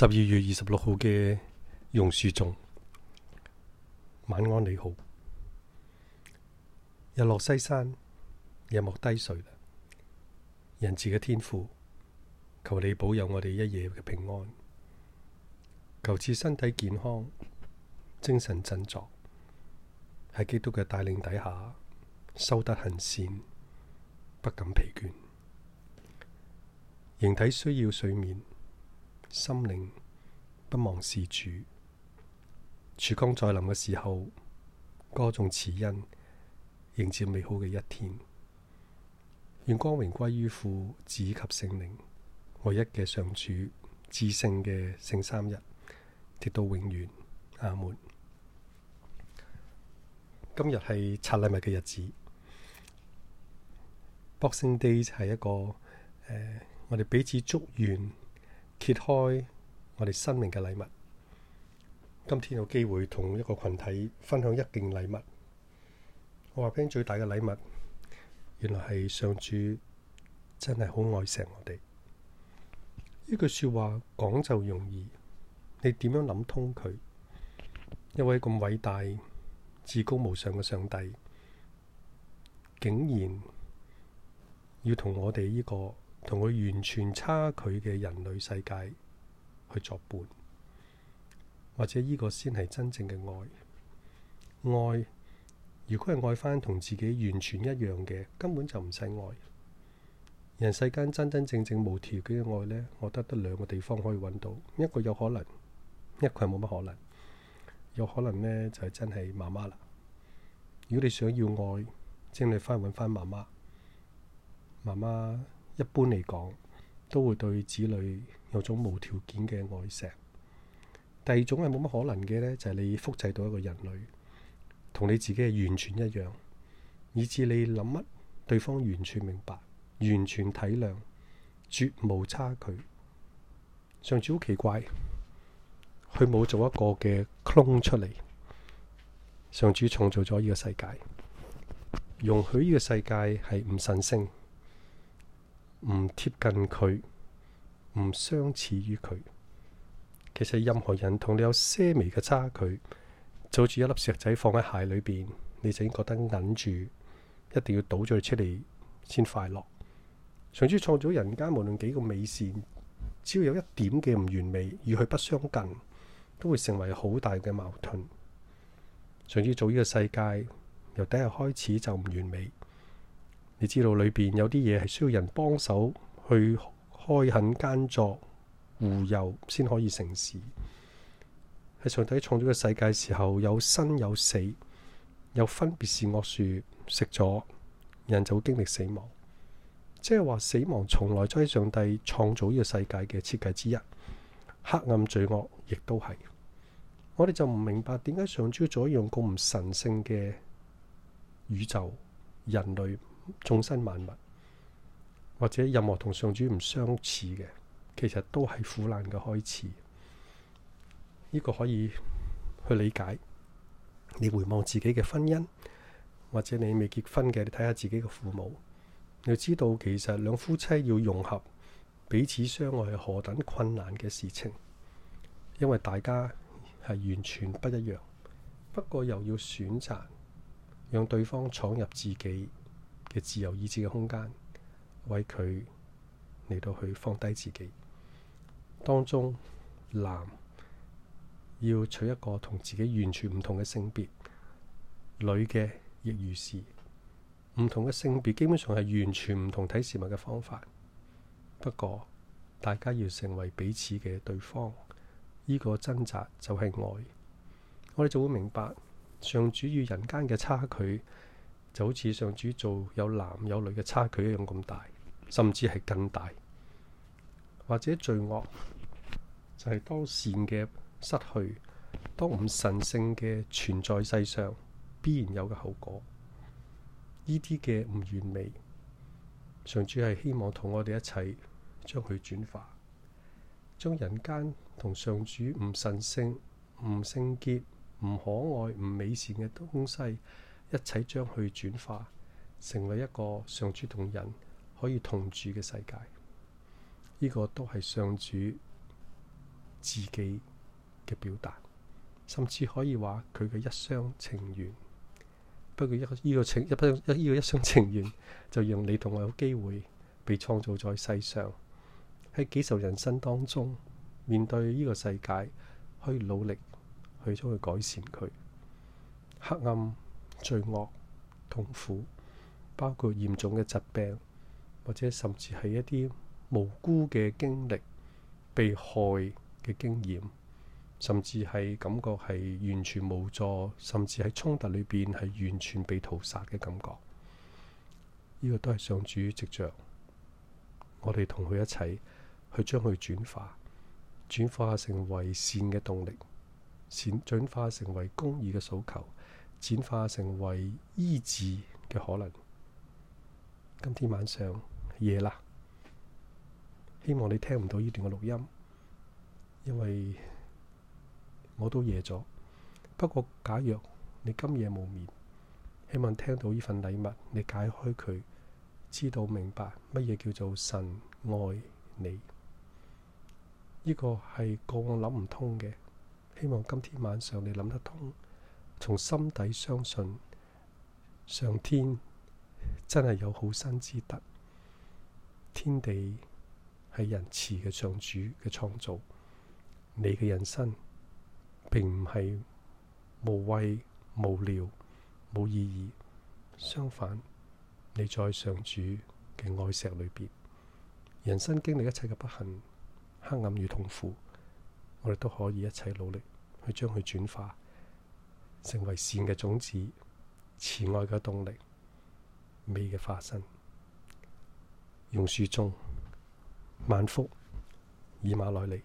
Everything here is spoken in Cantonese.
十二月二十六號嘅榕樹叢，晚安你好。日落西山，夜幕低垂。仁慈嘅天父，求你保佑我哋一夜嘅平安。求賜身體健康，精神振作。喺基督嘅帶領底下，修德行善，不感疲倦。形體需要睡眠。心靈不忘事主，曙光再臨嘅時候，歌頌慈恩迎接美好嘅一天。願光榮歸於父、子及聖靈，唯一嘅上主，至聖嘅聖三日，直到永遠。阿門。今日係拆禮物嘅日子，Boxing Day 係一個誒、呃，我哋彼此祝願，揭開我哋生命嘅禮物。今天有機會同一個群體分享一件禮物，我話俾你最大嘅禮物，原來係上主真係好愛錫我哋。呢句說話講就容易，你點樣諗通佢？一位咁偉大、至高無上嘅上帝，竟然要同我哋呢個。同佢完全差距嘅人類世界去作伴，或者呢個先係真正嘅愛。愛如果係愛翻同自己完全一樣嘅，根本就唔使愛。人世間真真正正無條件嘅愛呢，我覺得得兩個地方可以揾到，一個有可能，一個係冇乜可能。有可能呢，就係、是、真係媽媽啦。如果你想要愛，請你翻揾翻媽媽，媽媽。一般嚟講，都會對子女有種無條件嘅愛錫。第二種係冇乜可能嘅呢就係、是、你複製到一個人類，同你自己係完全一樣，以至你諗乜，對方完全明白，完全體諒，絕無差距。上主好奇怪，佢冇做一個嘅 clone 出嚟。上主創造咗呢個世界，容許呢個世界係唔神聖。唔貼近佢，唔相似於佢。其實任何人同你有些微嘅差距，就好似一粒石仔放喺鞋裏邊，你就已經覺得忍住，一定要倒咗佢出嚟先快樂。上次創造人間，無論幾個美善，只要有一點嘅唔完美，與佢不相近，都會成為好大嘅矛盾。上次做呢個世界，由第一日開始就唔完美。你知道裏邊有啲嘢係需要人幫手去開墾耕作、護佑，先可以成事。喺、嗯、上帝創造嘅世界時候，有生有死，有分別是惡樹食咗人，就會經歷死亡。即係話死亡從來都係上帝創造呢個世界嘅設計之一。黑暗罪惡亦都係。我哋就唔明白點解上主要造一樣咁唔神聖嘅宇宙人類。眾生萬物或者任何同上主唔相似嘅，其實都係苦難嘅開始。呢個可以去理解。你回望自己嘅婚姻，或者你未結婚嘅，你睇下自己嘅父母，你要知道，其實兩夫妻要融合彼此相愛，係何等困難嘅事情。因為大家係完全不一樣，不過又要選擇讓對方闖入自己。嘅自由意志嘅空間，為佢嚟到去放低自己。當中男要娶一個同自己完全唔同嘅性別，女嘅亦如是，唔同嘅性別基本上係完全唔同睇事物嘅方法。不過大家要成為彼此嘅對方，呢個掙扎就係愛，我哋就會明白上主與人間嘅差距。就好似上主做有男有女嘅差距一樣咁大，甚至係更大。或者罪惡就係當善嘅失去，當唔神聖嘅存在世上必然有嘅後果。呢啲嘅唔完美，上主係希望同我哋一齊將佢轉化，將人間同上主唔神聖、唔聖潔、唔可愛、唔美善嘅東西。一切將佢轉化成為一個上主同人可以同住嘅世界。呢個都係上主自己嘅表達，甚至可以話佢嘅一廂情願。不過，一個呢個情一不一呢個一廂情願，就讓你同我有機會被創造在世上。喺幾受人生當中，面對呢個世界，去努力去將佢改善佢黑暗。罪惡、痛苦，包括嚴重嘅疾病，或者甚至係一啲無辜嘅經歷、被害嘅經驗，甚至係感覺係完全無助，甚至喺衝突裏邊係完全被屠殺嘅感覺。呢、這個都係上主嘅跡象。我哋同佢一齊去將佢轉化，轉化成為善嘅動力，轉轉化成為公義嘅訴求。轉化成為醫治嘅可能。今天晚上夜啦，希望你聽唔到呢段嘅錄音，因為我都夜咗。不過，假若你今夜無眠，希望聽到呢份禮物，你解開佢，知道明白乜嘢叫做神愛你。呢個係個我諗唔通嘅，希望今天晚上你諗得通。從心底相信，上天真係有好生之德，天地係仁慈嘅上主嘅創造。你嘅人生並唔係無謂、無聊、冇意義，相反，你在上主嘅愛錫裏邊，人生經歷一切嘅不幸、黑暗與痛苦，我哋都可以一齊努力去將佢轉化。成為善嘅種子、慈愛嘅動力、美嘅化身。用書中，萬福以馬內利。